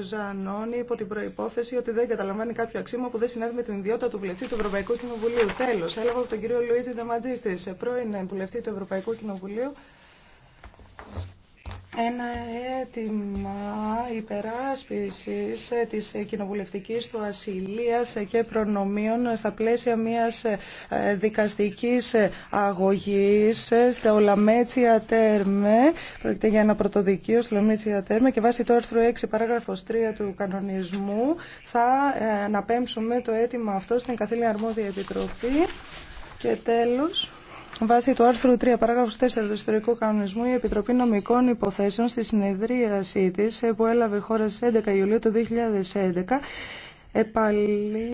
Ζανώνη υπό την προπόθεση ότι δεν καταλαμβάνει κάποιο αξίμα που δεν συνέβη με την ιδιότητα του βουλευτή του Ευρωπαϊκού Κοινοβουλίου. Τέλο, έλαβα από τον κύριο Λουίτζι Νταματζίστη, ε, πρώην ε, βουλευτή του Ευρωπαϊκού Κοινοβουλίου, ένα αίτημα υπεράσπισης ε, της κοινοβουλευτικής του ασυλίας ε, και προνομίων ε, στα πλαίσια μιας δικαστικής αγωγής στο Λαμέτσια Τέρμε. Πρόκειται για ένα πρωτοδικείο στο Λαμέτσια Τέρμε και βάσει το άρθρο 6 παράγραφος 3 του κανονισμού θα αναπέμψουμε το αίτημα αυτό στην καθήλια αρμόδια επιτροπή. Και τέλος... Βάσει του άρθρου 3, παράγραφος 4 του ιστορικού κανονισμού, η Επιτροπή Νομικών Υποθέσεων στη συνεδρίασή της που έλαβε χώρα στις 11 Ιουλίου του 2011 επαλή